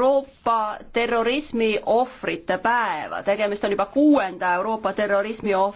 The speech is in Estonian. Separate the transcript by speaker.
Speaker 1: Euroopa terrorismi ohvrite päeva, tegemist on juba kuuenda Euroopa terrorismi ohvrite